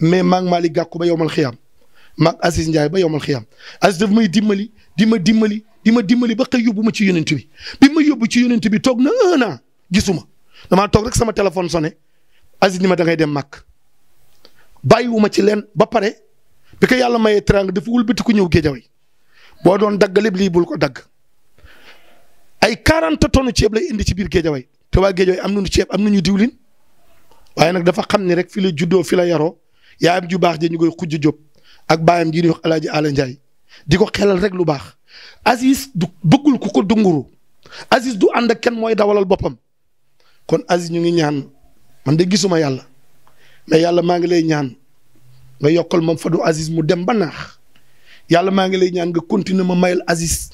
mais maag Malick Gakou ba yowmal xiyaam maag Aziz Ndiaye ba yowmal xiyaam Aziz daf may dimbali di ma dimbali di ma dimbali ba xëy yóbbu ma ci yonent bi bi ma yóbbu ci yonent bi toog na un gisuma damaa toog rek sama téléphone sone Aziz ni ma da dem dem màkk bàyyiwuma ci leen ba pare bi ko yàlla mayee teraanga dafa wëlbati ku ñëw géejawaay boo doon dagg lépp lii bul ko dagg ay 40 tonnes ceeb la indi ci biir géejawaay te waa géejawaay am nañu ceeb am nañu diwlin waaye nag dafa xam ni rek fi la juddoo fi la yaroo yaayam ju baax ja ñu koy xujj Jóob ak baayam ji di wax alaaji Ala Ndiaye di ko xelal rek lu baax Aziz du bëggul ku ko dunguru Aziz du ànd ak kenn mooy dawalal boppam kon Aziz ñu ngi ñaan man de gisuma yàlla mais yàlla maa ngi lay ñaan nga yokkal ma fadu Aziz mu dem ba naax yàlla maa ngi lay ñaan nga continuer ma mayal Aziz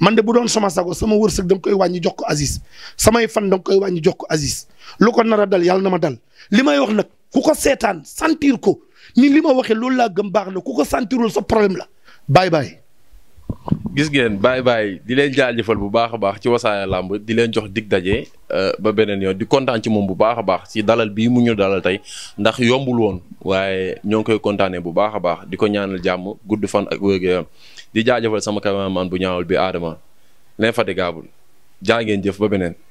man de bu doon sama sago sama wërsëg da nga koy wàññi jox ko Aziz samay fan da koy wàññi jox ko Aziz lu ko nar dal yàlla na ma dal ku ko seetaan sentir ko ni li ma waxee loolu laa gëm baax na ku ko sentirul sa problème la baay baay gis ngeen bye bye di leen jaajëfal bu baax a baax ci wasaare làmb di leen jox dig daje euh, ba beneen yoon di kontaan ci moom bu baax a baax ci dalal bii mu ñu dalal tey ndax yombul woon waaye ñoo ngi koy kontaanee bu baax a baax di ko ñaanal jàmm gudd fan ak wér yaram di jaajëfal sama cameraman bu ñaawal bi Adama l'infatigable jaa ngeen jëf ba beneen.